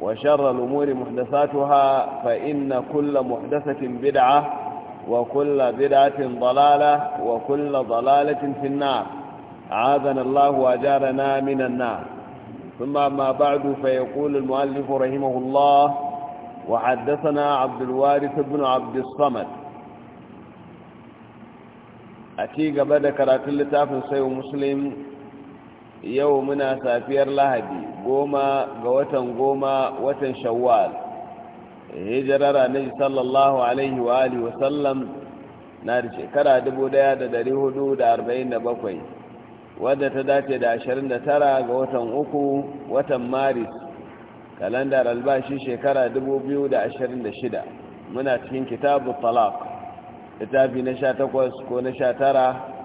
وشر الأمور محدثاتها فإن كل محدثة بدعة وكل بدعة ضلالة وكل ضلالة في النار عاذنا الله وأجارنا من النار ثم ما بعد فيقول المؤلف رحمه الله وحدثنا عبد الوارث بن عبد الصمد أتيق بدك راتل تافن سيو مسلم yau muna safiyar lahadi goma ga watan goma watan shawwal hijirar annabi sallallahu alaihi wa alihi wa sallam na da shekara 1447 wadda ta dace da 29 ga watan uku watan maris kalandar albashi shekara 2026 muna cikin kitabu talaq littafi na 18 ko na 19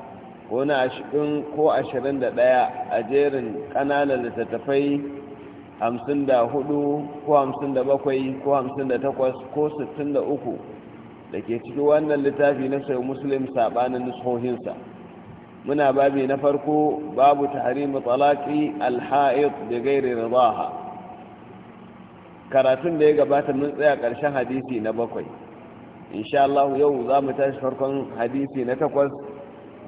wani ashirin ko ashirin da ɗaya a jerin ƙananan littattafai hamsin da hudu ko hamsin da bakwai ko hamsin da takwas ko sittin da uku da ke ciki wannan littafi na sai musulun saɓanin nishohinsa muna babi na farko babu taharimu talaki alha'id da gairi rizaha karatun da ya gabata mun tsaya ƙarshen hadisi na bakwai insha Allah yau za mu tashi farkon hadisi na takwas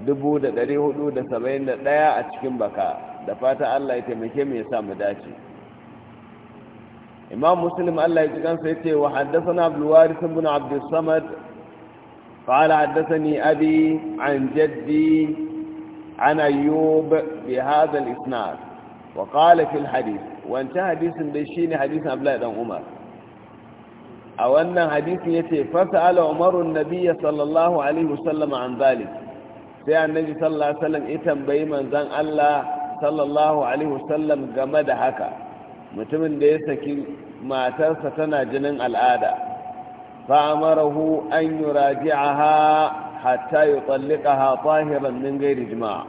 471 a cikin baka da fata Allah ya taimake mu ya samu dace imam muslim Allah ya ji kansa yace wa haddathana abdul waris ibn abd samad qala haddathani abi an jaddi an ayyub bi hadha al isnad wa qala fi al hadith wa anta hadithin dai shine hadithin abdullah dan umar a wannan hadisin yace fa sa'ala umaru an-nabiy sallallahu alaihi wasallam an zalika sai annabi sallallahu alaihi wasallam ya tambayi manzon Allah sallallahu alaihi wasallam game da haka mutumin da ya saki matarsa tana jinin al'ada fa amarahu an yuraji'aha hatta yutalliqaha tahiran min ghairi jima'a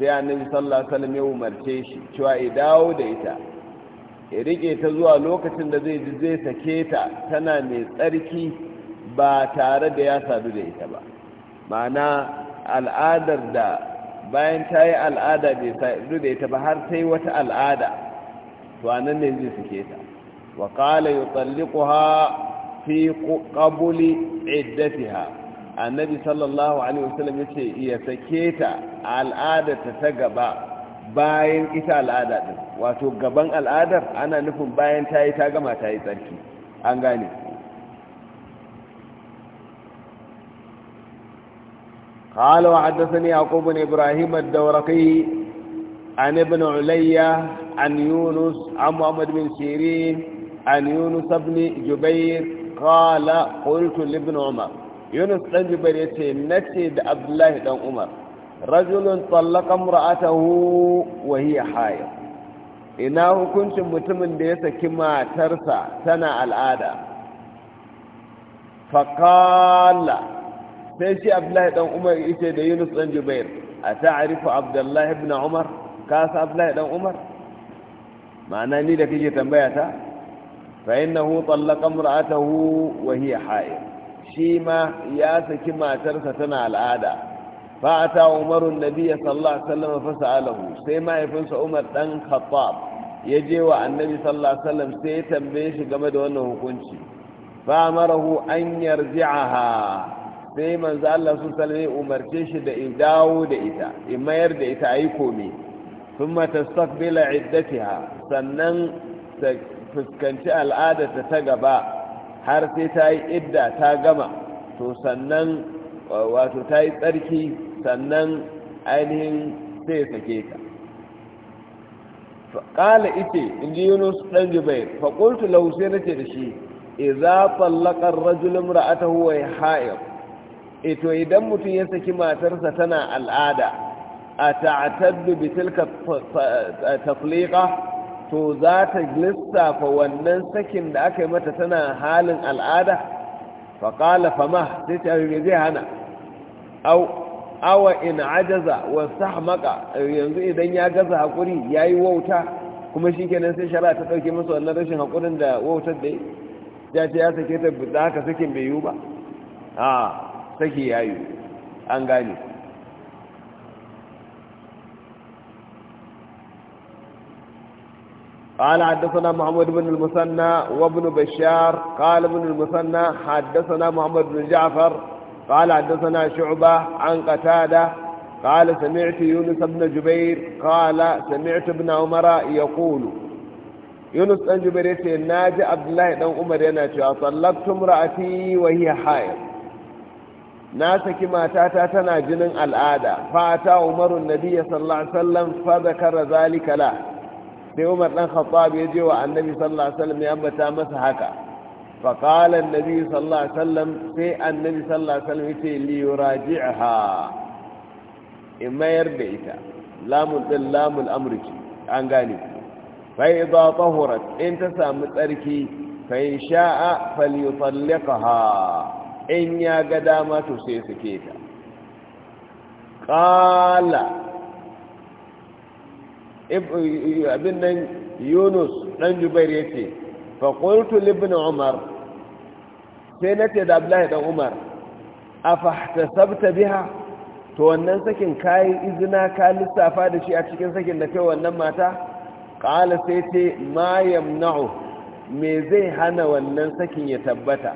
sai annabi sallallahu alaihi wasallam ya umarce shi cewa ya dawo da ita ya rike ta zuwa lokacin da zai ji zai sake ta tana mai tsarki ba tare da ya sadu da ita ba ma'ana al'adar da bayan ta yi al'ada bai sa'idu da ita ba har ta yi wata al'ada to ne zai suke ta wa ƙala yi tsalliku ha fi ƙabuli ha annabi sallallahu alaihi wasallam ya ce iya sake ta al'adarta ta gaba bayan ita al'ada ɗin wato gaban al'adar ana nufin bayan ta yi ta gama ta yi tsarki an gane قال وحدثني يعقوب بن إبراهيم الدورقي عن ابن عليا عن يونس عن محمد بن سيرين عن يونس بن جبير قال قلت لابن عمر يونس بن جبير يتي عبد الله بن عمر رجل طلق امرأته وهي حائض إنه كنت متمن da كما ترسى سنة العادة فقال sai shi abdullahi dan umar yace da yunus dan jubair a ta'rifu abdullahi ibn umar ka sa abdullahi dan umar ma'ana ni da kake tambaya ta fa innahu tallaqa imra'atahu wa hiya ha'ir shi ma ya saki matarsa tana al'ada فأتى عمر النبي صلى الله عليه وسلم فسأله سيما يفنس عمر دان خطاب يجيوى النبي صلى الله عليه وسلم سيتم بيش قمد وأنه كنشي فأمره أن يرجعها sai manzo Allah su salame umarce shi da in dawo da ita in mayar da ita ayi komai kome thumma tastaqbila iddatiha sannan ta fuskanci ta gaba har sai ta yi idda ta gama to sannan wato ta yi tsarki sannan ainihin sai sake ta قال إتي إن يونس بن جبير فقلت da shi لشي إذا طلق الرجل huwa ya حائض ito eh, idan mutum ya saki matarsa tana al'ada a ta'attaddu bi tilka to za ta lissafa wannan sakin da aka yi mata tana halin al'ada faƙala fama sai ta yi zai hana awa in ajaza wasu hamaƙa. yanzu idan ya gaza haƙuri ya yi wauta kuma shi kenan sai shara ta ɗauke masa wannan rashin haƙurin da wautar da ya ce ya sake ta da haka sakin bai yiwu ba sake yayi an gane قال حدثنا محمد بن المثنى وابن بشار قال ابن المثنى حدثنا محمد بن جعفر قال حدثنا شعبة عن قتادة قال سمعت يونس بن جبير قال سمعت ابن عمر يقول يونس بن جبير يقول ناجي عبد الله بن عمر يناشي صلبت امرأتي وهي حائض na saki matata tana jinin al'ada fata umarun nabiya sallallahu alaihi wasallam fa zakara zalika la sai umar dan khattab ya je wa annabi sallallahu alaihi wasallam ya ambata masa haka fa qala annabi sallallahu alaihi wasallam sai annabi sallallahu alaihi wasallam yace li yuraji'ha in mayar da ita lamun din lamul amriki an gane fa idha tahurat in ta samu tsarki fa in sha'a falyutallaqaha in ya ga dama to sai ta ƙala abin nan yunus ɗan jubair ya ce faƙultu libin umar sai na ce da abdullahi ɗan umar a fahtasabta biha to wannan sakin kayi izina ka lissafa da shi a cikin sakin da kai wannan mata ƙala sai ce ma yamna'u me zai hana wannan sakin ya tabbata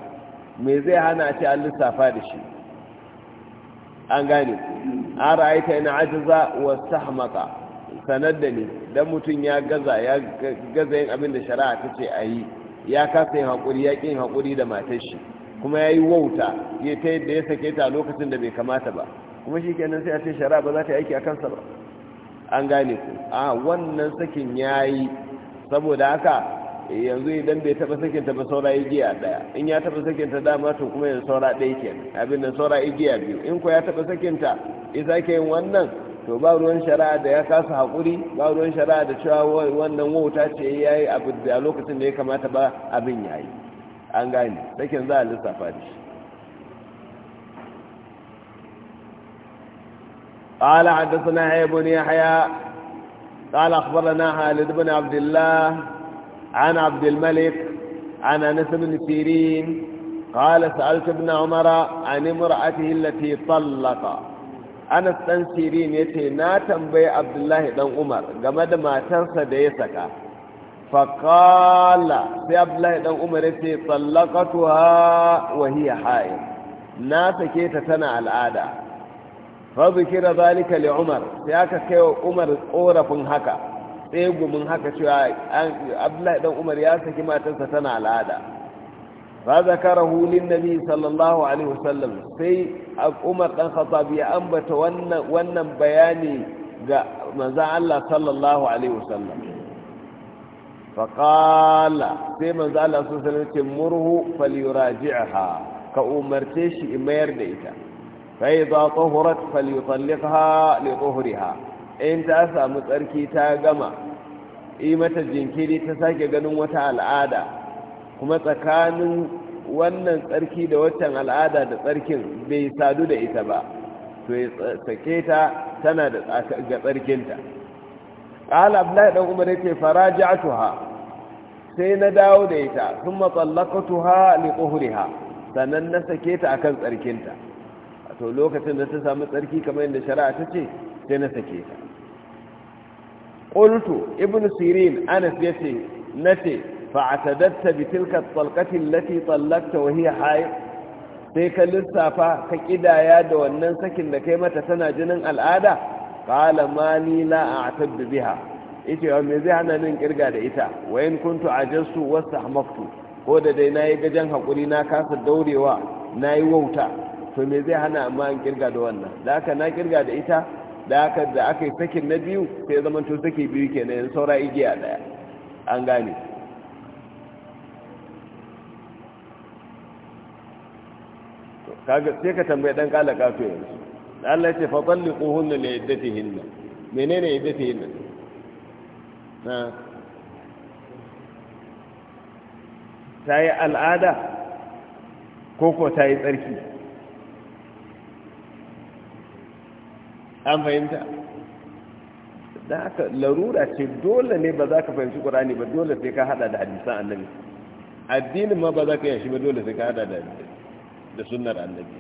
me zai hana ce an lissafa da shi an gane an ra'aita yana ajiza wa sahmaka sanar da ni don mutum ya gaza ya gaza yin abin da shari'a ta ce a yi ya kasa yin haƙuri ya ƙi haƙuri da matar shi kuma ya yi wauta ya ta yadda ya sake ta lokacin da bai kamata ba kuma shi kenan sai a ce shari'a ba za ta yi aiki a kansa ba an gane ku a wannan sakin ya yi saboda haka yanzu idan bai taba sakin ta ba saura igiya daya in ya taba sakin ta dama to kuma yanzu saura ɗaya ke abin da saura igiya biyu in ko ya taba sakin ta ke yin wannan to ba ruwan shari'a da ya kasa haƙuri ba ruwan shari'a da cewa wannan wauta ce ya yi abu da lokacin da ya kamata ba abin ya yi an gane sakin za a lissafa da shi قال حدثنا يحيى بن يحيى قال اخبرنا خالد بن عبد الله عن عبد الملك عن أنس بن سيرين قال سألت ابن عمر عن امرأته التي طلق أنس بن سيرين يتي ناتن بي عبد الله بن عمر قمد ما تنسى ديسك فقال سي عبد الله بن عمر يتي طلقتها وهي حائض ناسكيت تنا العادة فذكر ذلك لعمر سياك كيو عمر أورف هكا tsegumin haka cewa abdullahi dan umar ya saki matansa tana al'ada ba fa zakarahu lin nabi sallallahu alaihi wasallam sai umar dan khattab ya ambata wannan wannan bayani ga manzon Allah sallallahu alaihi wasallam fa qala sai manzon Allah sallallahu alaihi wasallam ce murhu falyuraji'ha ka umarce shi mayar da ita sai idza tahurat falyutalliqha li tuhriha in ta samu tsarki ta gama yi mata jinkiri ta sake ganin wata al'ada kuma tsakanin wannan tsarki da waccan al'ada da tsarkin bai sadu da ita ba to ya sake ta tana da ga tsarkinta ƙala abdullahi ɗan umar yake faraja'atuha sai na dawo da ita sun matsallakatuha li ƙuhuriha sannan na sake ta akan tsarkinta to lokacin da ta samu tsarki kamar yadda shari'a ta ce sai na sake ta qultu ibnu sirin anas yace nace fa'atadatta bi tilka talqati allati wa hiya hayd sai ka lissafa ka ƙidaya da wannan sakin da kai mata tana jinin al'ada Ƙala ma ni la a'taddu biha Ita wa me zai hana nin ƙirga da ita wa in kuntu ajastu wastahmaftu ko da dai nayi gajen hakuri na kasa daurewa yi wauta to me zai hana amma an ƙirga da wannan da haka na kirga da ita da aka da aka yi sakin na biyu sai zaman to sake biyu kenan yan saura igiya daya an gane kaga sai ka tambaye dan kala kafe yanzu Allah ya ce fa talliquhunna li iddatihinna menene iddatihinna na ta yi al'ada ko ko ta yi tsarki an fahimta da haka larura ce dole ne ba za ka fahimci ƙurani ba dole sai ka hada da hadisan annabi addinin ma ba za ka yashi ba dole sai ka hada da da sunnar annabi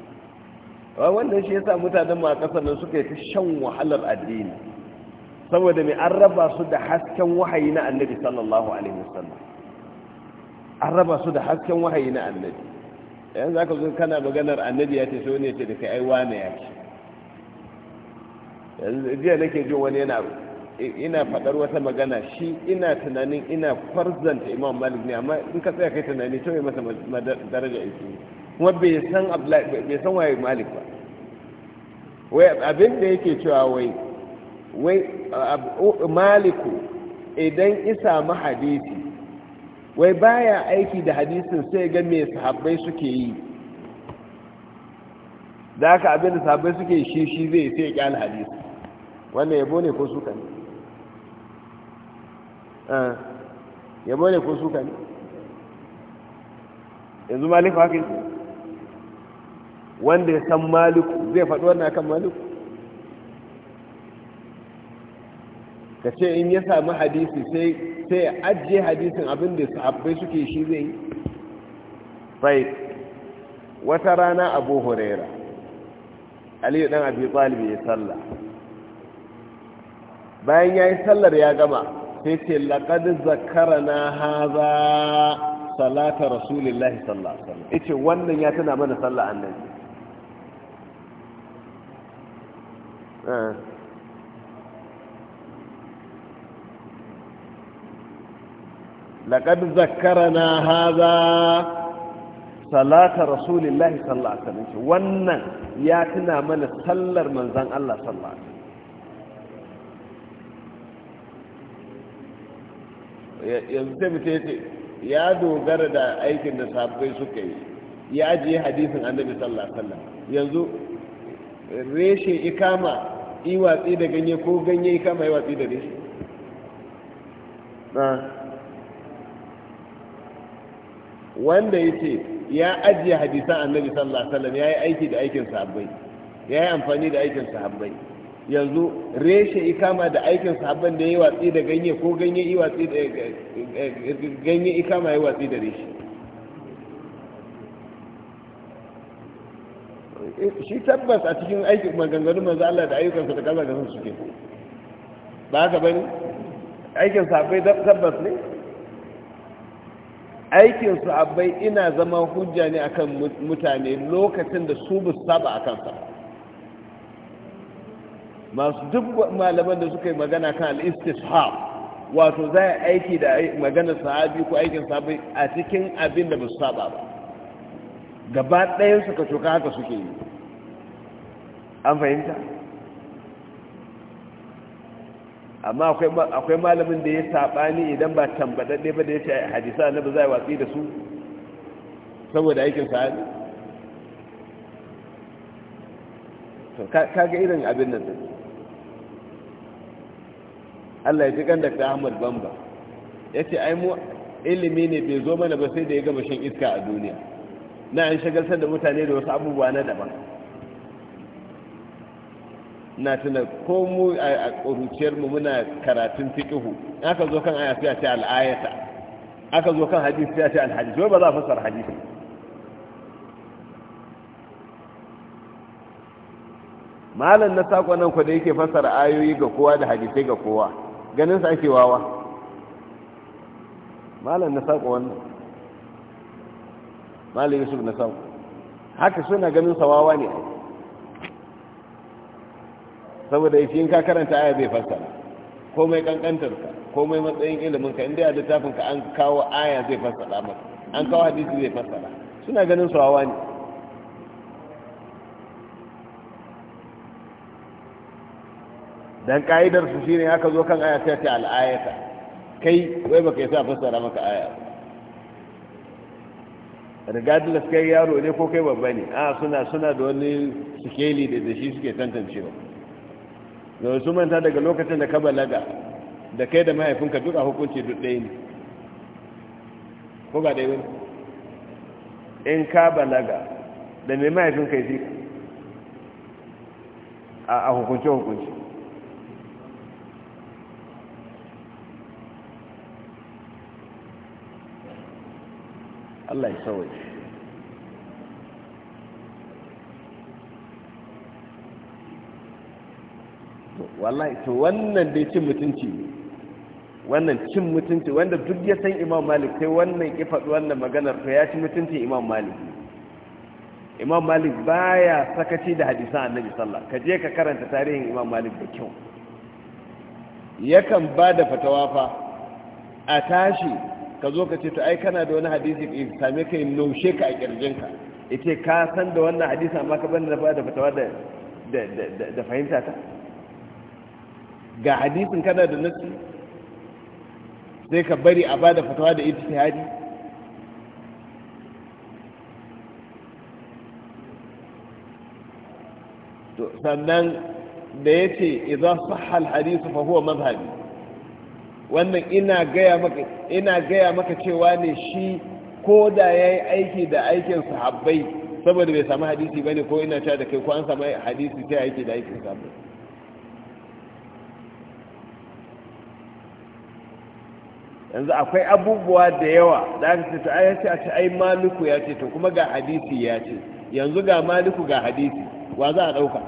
wanda shi yasa mutanen mu a ƙasar nan suka yi shan wahalar addini saboda mai an raba su da hasken wahayi na annabi sallallahu alaihi wasallam an raba su da hasken wahayi na annabi yanzu aka zo kana maganar annabi ya ce so ne ce da kai ai wane ya ce jiya nake jin wani yana ina faɗar wata magana shi ina tunanin ina farzanta imam malik ne amma in ka tsaya kai tunani ta masa daraja isi kuma bai san bai san waye malik ba wai abin da yake cewa wai wai maliku idan isa hadisi wai baya aiki da hadisin sai ga me sahabbai suke yi da haka abin da sabai suke shi shi zai sai kyal hadisi wannan yabo ne ko suka ne eh, yabo ne ko suka ne yanzu maliku haka yi wanda ya san maliku zai faɗi wannan kan maliku ka ce in ya sami hadisi sai ya ajiye hadisin abin da sahabbai suke shi zai yi wata rana abu huraira aliyu dan abi talib ya sallah bayan ya yi sallar ya gama sai ce laqad zakarana hadha salata rasulillahi sallallahu alaihi wasallam yace wannan ya tana mana sallah annabi ah. zakara na haza. salata rasulillahi sallallahu alaihi wasallam wannan ya tuna mana sallar manzon Allah sallallahu alaihi yanzu sai mutum ce ya dogara da aikin da sahabbai suka yi ya ji hadisin annabi sallallahu alaihi wasallam yanzu reshe ikama yi watsi da ganye ko ganye ikama yi watsi da reshe wanda ya ce ya ajiye hadisan annabi sallallahu alaihi wasallam ya yi aiki da aikin sahabbai ya yi amfani da aikin sahabbai yanzu reshe ikama da aikin sahabban da ya yi watsi da ganye ko ganye yi watsi da ganye ikama ya yi watsi da reshe shi tabbas a cikin aikin maganganu manzo Allah da ayyukansa da kaza ga sun suke ba haka bane aikin sahabbai tabbas ne aikin sahabbai ina zama hujja ne akan mutane lokacin da su bu saba akan sa masu duk malaman da suka yi magana kan al wato za a aiki da maganar sahabi ko aikin sahabi a cikin abin da ba saba ba gaba ɗayan ka coka haka suke yi an fahimta amma akwai malamin da ya saɓani idan ba tambadadde ba da ya ce hadisa na ba za a watsi da su saboda aikin sa'adu to kaga irin abin nan din Allah ya ji kan Dr. Ahmad Bamba ya ce ai mu ilimi ne bai zo mana ba sai da ya gaba shan iska a duniya na an shagaltar da mutane da wasu abubuwa na daban na tuna ko mu a ƙuruciyar mu muna karatun fiqhu aka zo kan aya a ce al'ayata aka zo kan hadisi a ce al'hadisi hadisi wai ba za a fassara hadisi malam na sakon nan da yake fassara ayoyi ga kowa da hadisai ga kowa ganin sa ake wawa malam na sakon wannan malam yusuf na sakon haka suna ganin sa wawa ne ai saboda ya in ka karanta aya bai fassara komai kankantarka komai matsayin ilimin ka inda a littafin ka an kawo aya zai fassara maka an kawo hadisi zai fassara suna ganin su hawa ne dan ka'idar su shine aka zo kan aya sai ta al'ayata kai wai baka yi sa fassara maka aya regardless kai yaro ne ko kai babba ne a suna suna da wani sikeli da shi suke tantancewa yau su manta daga lokacin da ka balaga da kai da mahaifinka duk a hukunci duk ɗaya ne ko ba ɗaya ne in ka balaga da mai mahaifinka yi a hukunce-hukunce Allah ya sauwa wallahi to wannan dai cin mutunci ne wannan cin mutunci wanda duk ya san imam malik sai wannan ki faɗi wannan maganar to ya ci mutuncin imam malik imam malik baya sakaci da hadisan annabi sallah ka je ka karanta tarihin imam malik da kyau yakan ba da fatawa fa a tashi ka zo ka ce to ai kana da wani hadisi ka same ka yi naushe ka a kirjinka ita ka san da wannan hadisi amma ka bani da fatawa da fahimta ta ga hadisin kana da nasu sai ka bari a bada fatawa da ita ijtihadi to sannan da yace idza sahha al hadisu fa huwa madhhabi wannan ina gaya maka ina gaya maka cewa ne shi ko da yayi aiki da aikin sahabbai saboda bai samu hadisi bane ko ina ta da kai ko an samu hadisi sai aiki da aikin sahabbai yanzu akwai abubuwa da yawa da aka ce to ai yace a ce ai maliku ya ce to kuma ga hadisi ya ce yanzu ga maliku ga hadisi wa za a dauka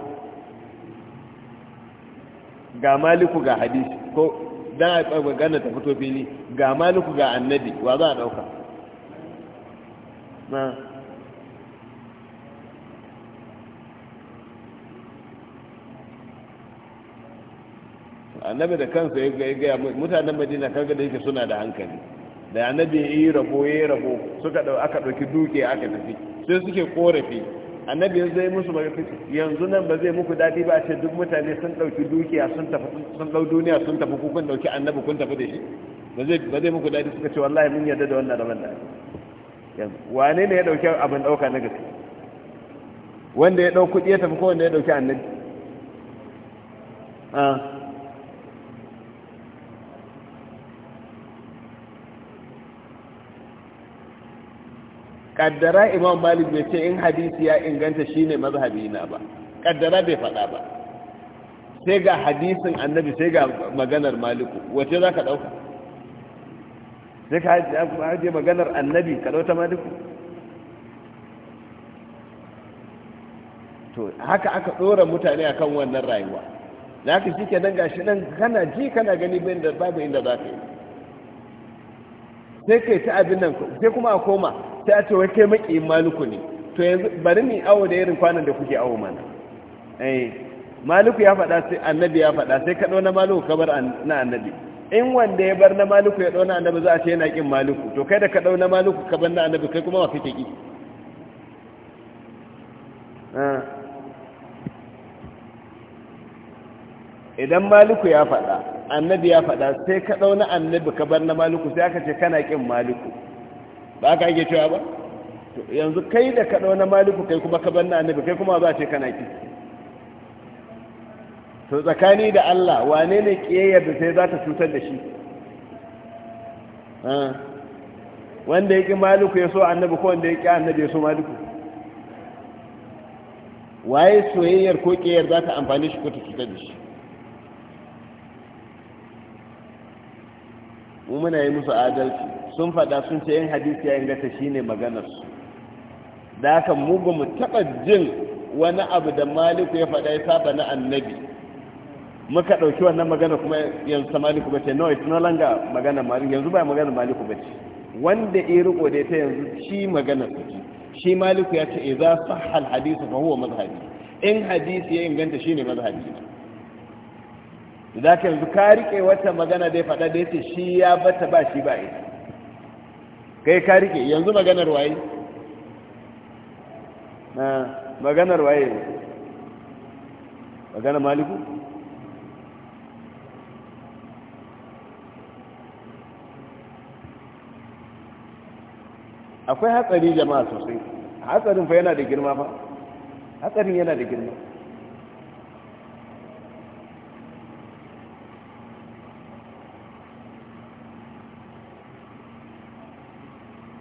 ga maliku ga hadisi ko dan a tsaba gana ta fito fili ga maliku ga annabi wa za a dauka na annabi da kansa ya gaya mutanen madina kaga da yake suna da hankali da annabi ya yi rabo ya yi rabo suka aka ɗauki duke aka tafi sai suke korafi annabi yanzu zai musu magafi yanzu nan ba zai muku daɗi ba a ce duk mutane sun ɗauki duke sun tafi sun ɗau duniya sun tafi kun ɗauki annabi kun tafi da shi ba zai ba zai muku daɗi suka ce wallahi mun yarda da wannan rabon da yanzu wane ne ya ɗauki abin ɗauka na gaske wanda ya ɗau kuɗi ya tafi ko wanda ya ɗauki annabi ah. kaddara imam malik bai ce in hadisi ya inganta shine mazhabi na ba kaddara bai faɗa ba sai ga hadisin annabi sai ga maganar maliku wace za ka ɗauka sai ka haje maganar annabi ka ɗauta maliku to haka aka ɗora mutane a kan wannan rayuwa da haka shi ke nan gashi nan kana ji kana gani bayan da babu inda za ka yi sai kai ta abin nan sai kuma a koma sai a ce wai kai maki maluku ne to yanzu bari ni awo da irin kwanan da kuke awo mana eh maluku ya faɗa sai annabi ya faɗa sai ka na maluku ka bar na annabi in wanda ya bar na maluku ya ɗauna annabi za a ce yana ƙin maluku to kai da ka ɗauna maluku ka bar na annabi kai kuma wa kake ƙi ah. idan maliku ya faɗa annabi ya faɗa sai ka ɗau na annabi ka bar na maliku sai aka ce kana ƙin maliku ba aka ake cewa ba yanzu kai da ka ɗau na maliku kai kuma ka bar na annabi kai kuma za a ce kana ƙi to tsakani da Allah wane ne ƙiyayyar da sai za ta cutar da shi wanda ya ƙi maliku ya so annabi ko wanda ya ƙi annabi ya so maliku waye soyayyar ko ƙiyayyar za ta amfani shi ko ta cutar da shi mu muna yi musu adalci sun fada sun ce yin hadisi ya ingata shi maganar su da haka mu ba mu taɓa jin wani abu da maliku ya faɗa ya saba na annabi muka ɗauki wannan magana kuma yanzu ta maliku ba ce no it's no longer magana maliku yanzu ba magana maliku ba ce wanda ya riko da ta yanzu shi magana su ce shi maliku ya ce idza sahha al hadith fa huwa mazhabi in hadisi ya inganta shine mazhabi ne idan ka yanzu ka rike wata magana da ya faɗa da yake shi ya bata ba shi ba ita kai ka rike yanzu maganar waye na maganar waye maganar maliku akwai hatsari jama'a sosai hatsarin fa yana da girma fa hatsarin yana da girma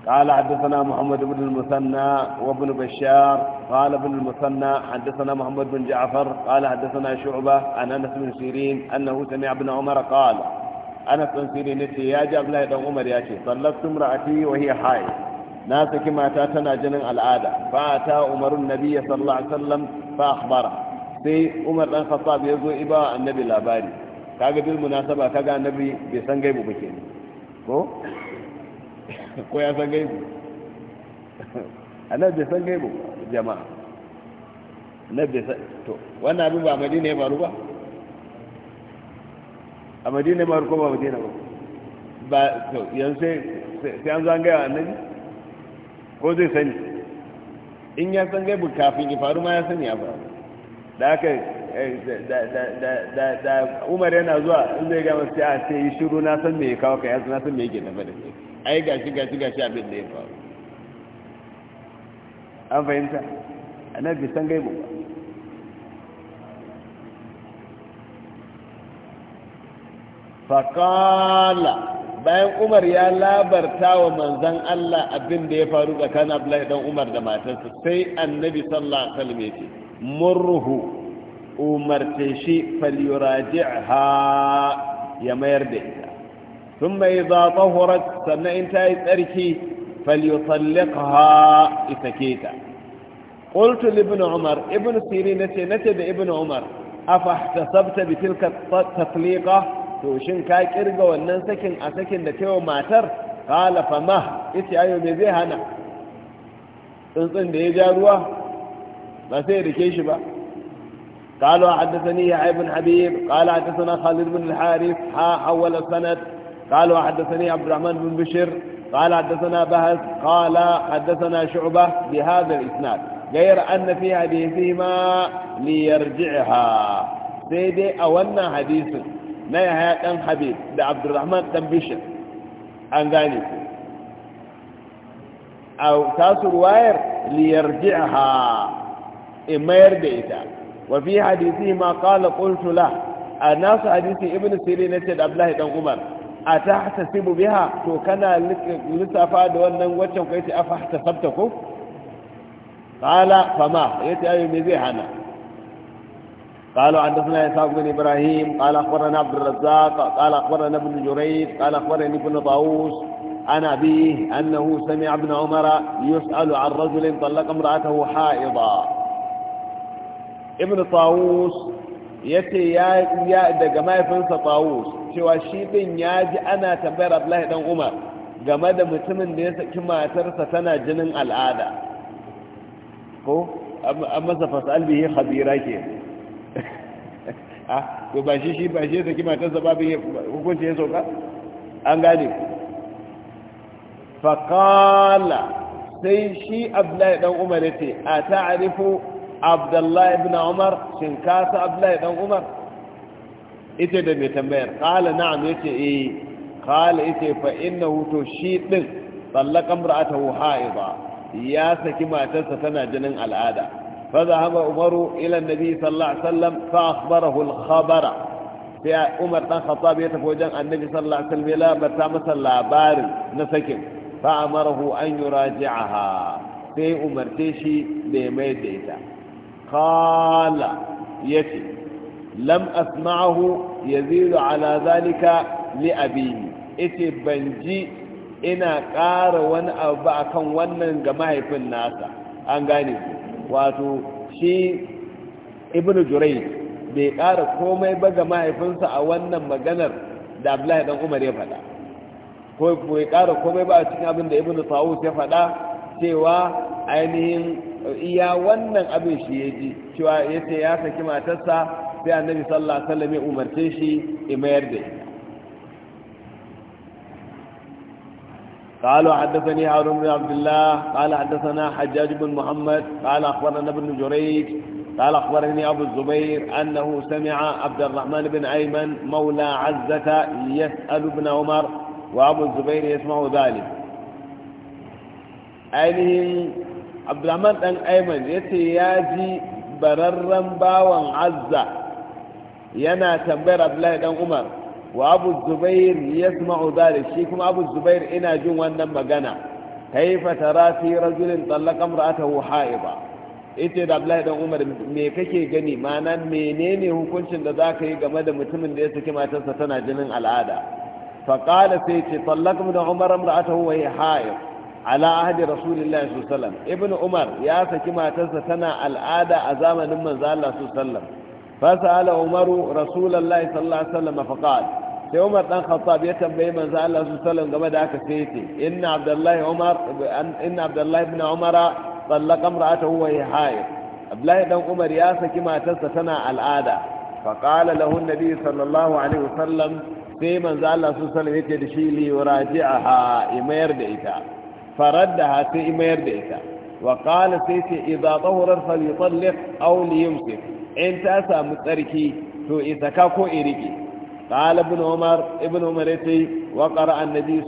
قال حدثنا محمد بن المثنى وابن بشار قال ابن المثنى حدثنا محمد بن جعفر قال حدثنا شعبة عن أنس بن سيرين أنه سمع ابن عمر قال أنس بن سيرين يا جاب الله ابن عمر يا شيخ صلت امرأتي وهي حائض ناسك ما تاتنا جنن العادة فأتى عمر النبي صلى الله عليه وسلم فأخبره sai umar dan khattab ya zo iba annabi labari kaga bil munasaba kaga annabi bai san gaibu ba kenan ko ko ya san gaibu annabi san gaibu jama'a annabi san to wannan abin ba a madina ya faru ba a madina ya faru ko ba madina ba ba to yanzu sai an zan gaya annabi ko zai sani in ya san gaibu kafin ya faru ma ya sani ya faru da aka eh, da umar yana zuwa in zai gama sai a ce yi shiru na san me kawo ka yanzu na san me gina ba da ke ai gashi gashi gashi abin da ya faru an fahimta annabi san gaibu ba faƙala bayan umar ya labarta wa manzan Allah abin da ya faru tsakanin abdullahi dan umar da matarsa sai annabi sallallahu alaihi wasallam ya ce murhu umarce shi falyuraji'ha ya mayar da ita ثم إذا طهرت سنة انتهي تركي فليطلقها إتكيتا قلت لابن عمر ابن سيرين نتي نتي ابن عمر أفاحتسبت بتلك التطليقة توشن كاي كرغا وننسكن أسكن نتيو ماتر قال فما إتي أيو مزي هنا تنصن دي جاروة ما سيري كيش با قالوا حدثني يا بن حبيب قال حدثنا خالد بن الحارث ها حول السند قال وحدثني عبد الرحمن بن بشر قال حدثنا بهز قال حدثنا شعبة بهذا الإسناد غير أن في حديثهما ليرجعها سيدي أولنا حديث ما يحيى كان حبيب لعبد الرحمن بن بشر أن أو تاسو الواير ليرجعها إما يرجعها وفي حديثهما قال قلت له الناس حديث ابن سيرين سيد عبد الله بن عمر a ta hatasibu biha to kana lissafa da wannan waccan kai ce a fa hatasabta ko qala fama yace ayo me zai hana قالوا حدثنا إسحاق بن إبراهيم قال أخبرنا عبد الرزاق قال أخبرنا ابن جريج قال أخبرني ابن طاووس عن أبيه أنه سمع ابن عمر يسأل عن رجل طلق امرأته حائضا ابن طاووس يتي يا يا دقا ما يفنس طاووس cewa shi din ya ji ana tambayar abdullahi dan umar game da mutumin da ya saki matarsa tana jinin al'ada ko an masa fasal bihi Habira ke ah to ba shi shi ba shi ya saki matarsa ba bi hukunci ya soka an gane faqala sai shi abdullahi dan umar ce a ta'rifu abdullahi ibn umar shinkasa abdullahi dan umar ita da mai tambayar kala na'am yace eh kala yace fa innahu to shi din sallaka mar'atahu ha'iba ya saki matarsa tana jinin al'ada fa zahaba umaru ila annabi sallallahu alaihi wasallam fa akhbarahu al-khabara sai umar dan khattab ya tafi wajen annabi sallallahu alaihi wasallam ya bata masa labarin na sakin fa amarahu an yuraji'aha sai umarce shi da ya mai da ita kala yace lam asma'ahu yazidu ala zalika li abihi ite ban ji ina ƙara wani abu kan wannan ga mahaifin nasa an gane wato shi Ibn jurai bai ƙara komai ba ga mahaifinsa a wannan maganar da abdullahi dan umar ya faɗa ko bai ƙara komai ba a cikin abin da ibnu tawus ya faɗa cewa ainihin iya wannan abin shi ya ji cewa ya ce ya saki matarsa sai annabi sallallahu alaihi wasallam ya umarce shi ya mayar da ita قالوا حدثني هارون بن عبد الله قال حدثنا حجاج بن محمد قال أخبرنا ابن جريج قال أخبرني أبو الزبير أنه سمع عبد الرحمن بن أيمن مولى عزة يسأل ابن عمر وأبو الزبير يسمع ذلك أينهم عبد الرحمن بن أيمن يتي ياجي بررا باوا عزة yana tambayar abdullahi dan umar wa abu zubair yasma'u dhalik shi kuma abu zubair ina jin wannan magana kaifa tara fi rajulin talaqa imra'atahu ha'iba ita da abdullahi dan umar me kake gani ma'ana menene hukuncin da zaka yi game da mutumin da ya saki matarsa tana jinin al'ada faqala sai ce talaqa ibn umar imra'atahu wa hiya ha'ib ala ahdi rasulillahi sallallahu alaihi wasallam ibn umar ya saki matarsa tana al'ada a zamanin manzo Allah sallallahu alaihi wasallam فسأل عمر رسول الله صلى الله عليه وسلم فقال sai Umar dan Khattab ya tambaye manzo Allah su sallan game da aka sai yace inna Abdullahi Umar inna Abdullahi ibn Umar tallaqa imra'atahu wa hiya Abdullahi dan Umar ya saki matarsa tana al'ada fa qala lahu an-nabi sallallahu alaihi wasallam sai manzo Allah su sallan yace da shi li yuraji'aha imayar da ita faraddaha sai imayar da ita wa qala sai ce idza tahurar falyutalliq aw liyumsik in ta samu tsarki to saka ko irike qala ibn umar ibn umar yace wa qara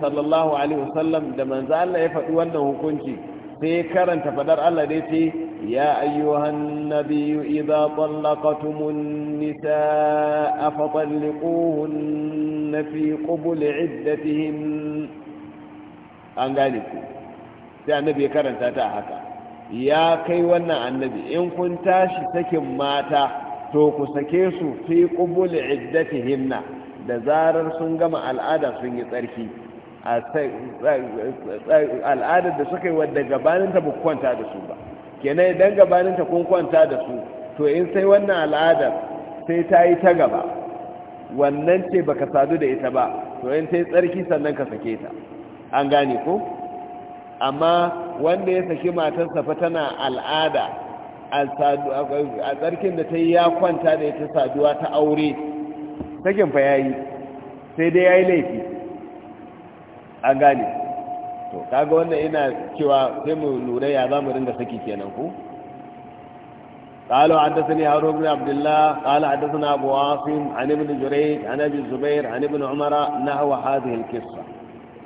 sallallahu alaihi wasallam da manzo Allah ya faɗi wannan hukunci sai karanta faɗar Allah da yace ya ayyuhan nabiyyu idza tallaqtumun nisaa fa talliquhunna fi qubul iddatihin an gane ku sai ya karanta ta haka ya kai wannan annabi in kun tashi sakin mata to ku sake su fi qubul iddatihinna da zarar sun gama al'ada sun yi tsarki al'adar da suka yi wadda gabaninta ba kwanta da su ba kenan idan gabaninta kun kwanta da su to in sai wannan al'adar sai ta yi ta gaba wannan ce baka sadu da ita ba to in sai tsarki sannan ka sake ta an gane ko amma wanda ya saki matarsa fa tana al'ada a tsarkin da ta yi ya kwanta da ya ta saduwa ta aure sakin fa yi, sai dai ya yi laifi an gane to kaga wannan ina cewa sai mu lura ya za mu ringa saki kenan ku قالوا حدثني هارون بن عبد الله قال حدثنا أبو عاصم عن ابن جريج عن أبي الزبير عن ابن عمر نحو هذه القصة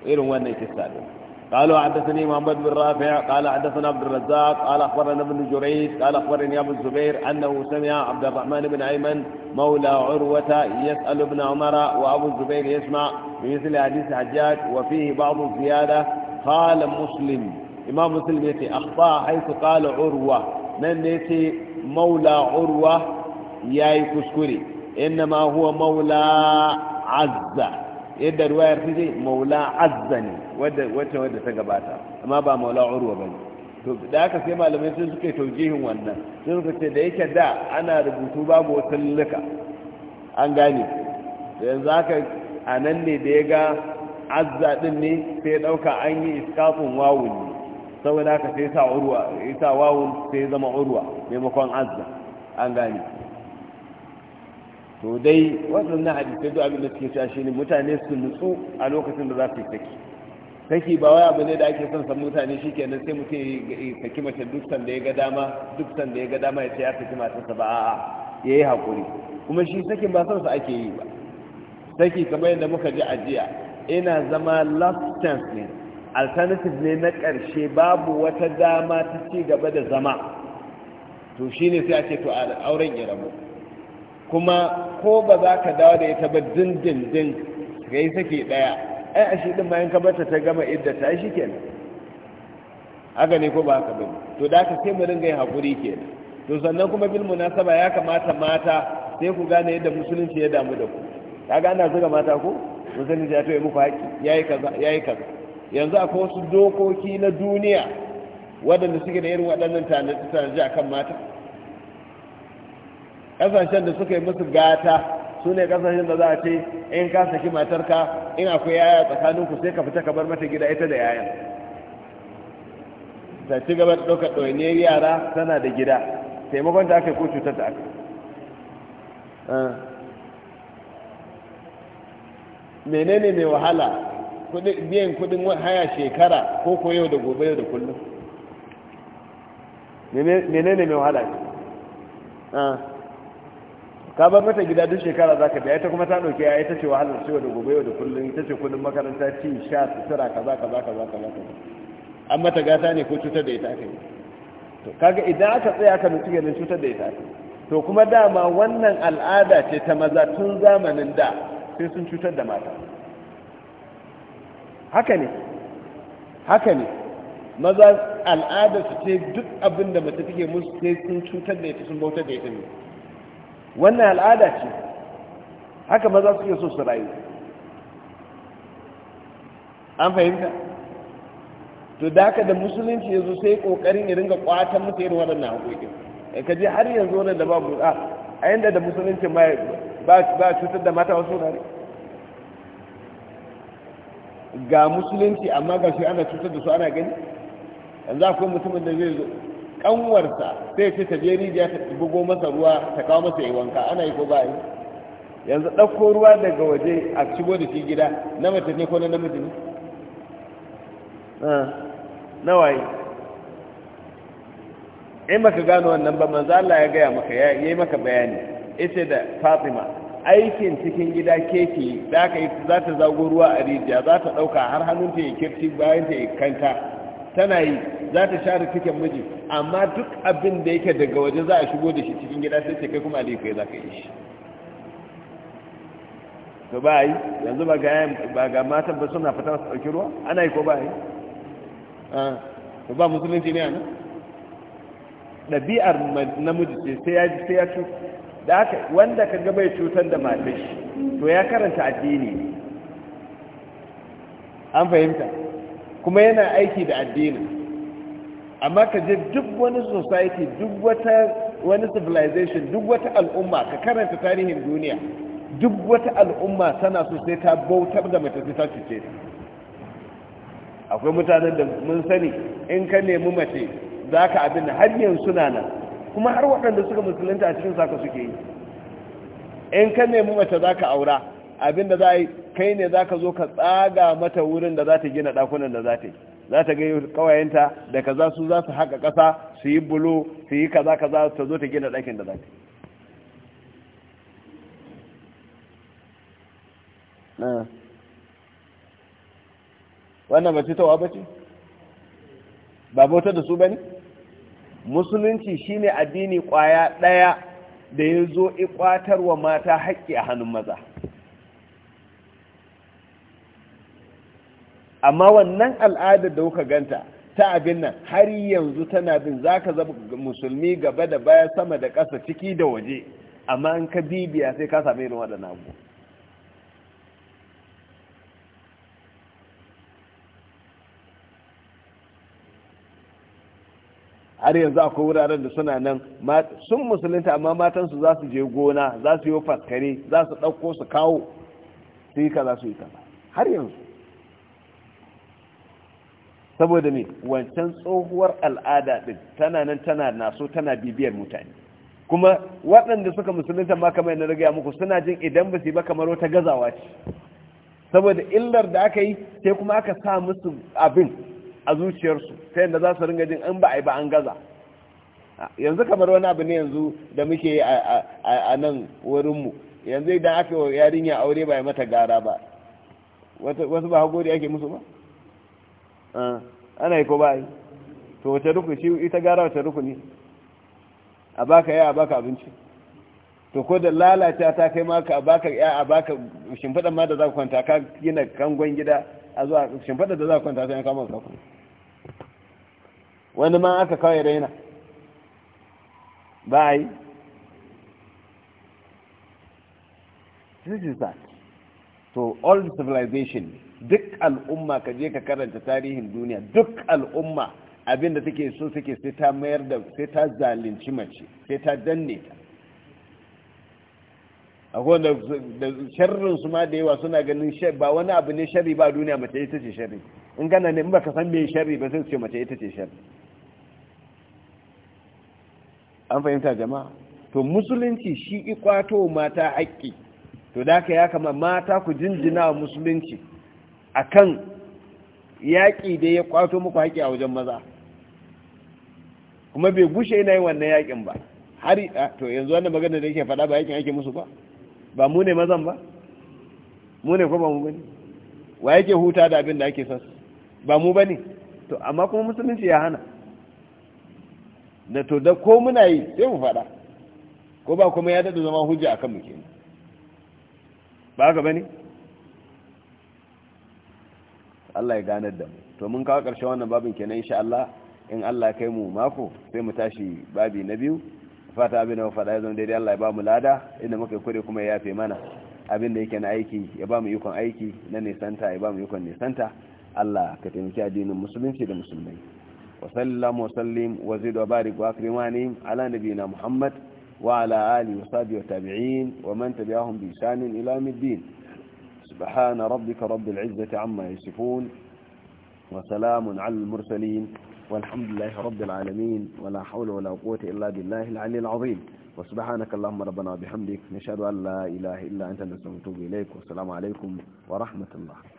إلو وانا كسادة قالوا حدثني محمد بن رافع قال حدثنا عبد الرزاق قال اخبرنا ابن جريج قال اخبرني ابو الزبير انه سمع عبد الرحمن بن ايمن مولى عروه يسال ابن عمر وابو الزبير يسمع بمثل حديث حجاج وفيه بعض الزياده قال مسلم امام مسلم يتي اخطا حيث قال عروه من يتي مولى عروه ياي كسكري انما هو مولى عزه yadda ruwayar ta ce maula azza ne wacce wadda ta gabata amma ba maula urwa ba ne to da aka sai malamai sun suke taujihin wannan sun suka ce da yake da ana rubutu babu wata lulluka an gane yanzu haka a nan ne da ya ga azza din ne sai ɗauka an yi iskafin wawun ne saboda haka sai sa wawun sai zama urwa maimakon azza an gane to dai waɗannan hadisai duk abin da suke cewa shi ne mutane su nutsu a lokacin da za su yi saki saki ba wai abu ne da ake son san mutane shi nan sai mutum ya saki mace duk sanda ya ga dama duk sanda ya ga dama ya ce ya saki matarsa ba a'a ya yi haƙuri kuma shi sakin ba son sa ake yi ba saki kamar yadda muka ji a jiya ina zama last chance ne alternative ne na ƙarshe babu wata dama ta ci gaba da zama to shine sai a ce to auren ya rabu kuma ko ba za ka dawo da ita ba dindindin ga yi sake ɗaya ai a shi ɗin bayan ka bata ta gama idda ta shi ke haka ne ko ba haka ba to da ka sai mu ringa yin haƙuri ke. to sannan kuma bil munasaba ya kamata mata sai ku gane yadda musulunci ya damu da ku ga ana zuga mata ko musulunci ya toye muku haƙi yayi kaza yayi kaza yanzu akwai wasu dokoki na duniya waɗanda suke da irin waɗannan tanaji akan mata kasashen da suka yi musu gata su ne kasashen da za a ce in ka saki matarka in akwai yaya tsakaninku sai ka fita ka bar mata gida ita da yayan ta ci gaba da ɗaukar ɗoyiniyar yara tana da gida taimakon ta aka ko cutar da aka ah. menene mai wahala biyan kudin haya shekara ko ko yau da gobe yau da kullum menene mai wahala ah. ta bar mata gida duk shekara zaka biya ita kuma ta dauke ya ita ce wahalar ciwo da gobe da kullun ita ce kullun makaranta ci sha sutura kaza kaza kaza kaza an mata gata ne ko cutar da ita aka yi to kaga idan aka tsaya aka nutsu ganin cutar da ita aka to kuma dama wannan al'ada ce ta maza tun zamanin da sai sun cutar da mata haka ne haka ne maza al'ada su ce duk abin da mace take musu sai sun cutar da ita sun bautar da ita ne wannan al'ada ce haka maza suke so su rayu an fahimta to da haka da musulunci ya zo sai kokarin ya ringa kwatan musu irin waɗannan haƙoƙin e, ka je har yanzu wani da babu a a yanda da musulunci ba cutar da mata wasu rari ga musulunci amma ga shi ana cutar da su ana gani yanzu akwai mutumin da zai zo kanwarsa sai ce ta je rijiya ta bugo masa ruwa ta kawo masa yi wanka ana yi ko ba yi yanzu ɗauko ruwa daga waje a shigo da shi gida na mace ne ko na namiji ne ah, na waye in maka gano wannan ba manzo Allah ya gaya maka ya yi maka bayani ita da Fatima aikin cikin gida keke za ka yi za ta zago ruwa a rijiya za ta ɗauka har hannunta ya kirci bayan ta ya kanta tana yi za ta share cikin miji amma duk abin da yake daga waje za a shigo da shi cikin gida sai ce kai kuma da kai za ka yi shi to ba yi yanzu ba ga matan ba suna fita su ɗauki ruwa ana yi ko ba yi ah, to ba musulunci ne ana ɗabi'ar namiji ce sai ya sai ya cuta da aka wanda ka gaba cutar da matashi to ya karanta addini an fahimta kuma yana aiki da addinin amma ka je duk wani society duk wata wani civilization duk wata al'umma ka karanta tarihin duniya duk wata al'umma tana so sai ta bautar da mace sai ta cice ta akwai mutanen da mun sani in ka nemi mace za ka abin da har yanzu suna nan kuma har waɗanda suka musulunta a cikin saka suke yi in ka nemi mace za ka aura abin da za a yi kai ne za ka zo ka tsaga mata wurin da za ta gina ɗakunan da za ta yi za ta gani kawayenta da kaza su za su haƙa ƙasa su yi bulo su yi kaza kaza ta zo ta gina ɗakin da za ta yi. wannan ba fitowa ba ce ba bautar da su ba ne musulunci shi ne addini ƙwaya ɗaya da ya zo ikwatarwa mata haƙƙi a hannun maza amma wannan al'adar da kuka ganta ta abin nan har yanzu tana bin za ka zaba musulmi gaba da baya sama da ƙasa ciki da waje amma an ka bibiya sai ka sami irin waɗannan abu har yanzu akwai wuraren da suna nan sun musulunta amma matansu za su je gona za su yi faskare za su ɗauko su kawo su yi kaza su yi kaza har yanzu saboda me wancan tsohuwar al'ada din tana nan tana naso tana bibiyar mutane kuma waɗanda suka musulunta ma kamar na riga muku suna jin idan ba su ba kamar wata gazawa ce saboda illar da aka yi sai kuma aka sa musu abin a zuciyarsu ta yadda za su ringa jin an ba a yi ba an gaza yanzu kamar wani abu ne yanzu da muke yi a nan wurinmu yanzu idan aka yi yarinya aure ba ya mata gara ba wasu ba haƙori ake musu ba Eh, ana yi ko ba yi to wace rukuni shi ita gara wace rukuni a baka ya a baka abinci to ko da lalata ta kai maka a baka ya a baka shimfada ma da za ku kwanta ka gina kangon gida a zuwa shimfada da za ku kwanta sai an kama sakon wani ma aka kawai raina ba yi this is that so all civilization duk al'umma ka je ka karanta tarihin duniya duk al'umma abin da take so suke sai ta mayar da sai ta zalunci mace sai ta danne ta akwai da sharrin su ma da yawa suna ganin ba wani abu ne sharri ba duniya mace ita ce sharri in gana ne in ka san me sharri ba sai su ce mace ita ce sharri an fahimta jama'a to musulunci shi ikwato mata haƙƙi to da ka ya kama mata ku jinjina wa musulunci akan yaƙi da ya kwato muku haƙi a wajen maza kuma bai gushe yana yi wannan yaƙin ba har to yanzu wannan magana da yake faɗa ba yaƙin ake musu ba ba mu ne mazan ba mu ne ko ba mu wa yake huta da abin da ake sas ba mu ne to amma kuma musulunci ya hana da to da ko muna yi sai mu faɗa ko ba kuma ya daɗa zama hujja akan mu kenan ba haka bane Allah ya ganar da mu to mun kawo ƙarshen wannan babin kenan insha Allah in Allah kai mu mako sai mu tashi babi na biyu fata abin da faɗa yanzu zama Allah ya ba mu lada inda muka kure kuma ya yafe mana abin da yake na aiki ya ba mu yukon aiki na nisanta ya ba mu yukon nisanta Allah ka taimaki addinin musulunci da musulmai wa sallallahu wa sallim wa zid wa barik wa akrimani ala nabiyina Muhammad wa ala alihi wa sahbihi wa tabi'in wa man tabi'ahum bi ihsan ila yawmiddin سبحان ربك رب العزة عما يصفون وسلام على المرسلين والحمد لله رب العالمين ولا حول ولا قوة إلا بالله العلي العظيم وسبحانك اللهم ربنا وبحمدك نشهد أن لا إله إلا أنت نستغفرك إليك والسلام عليكم ورحمة الله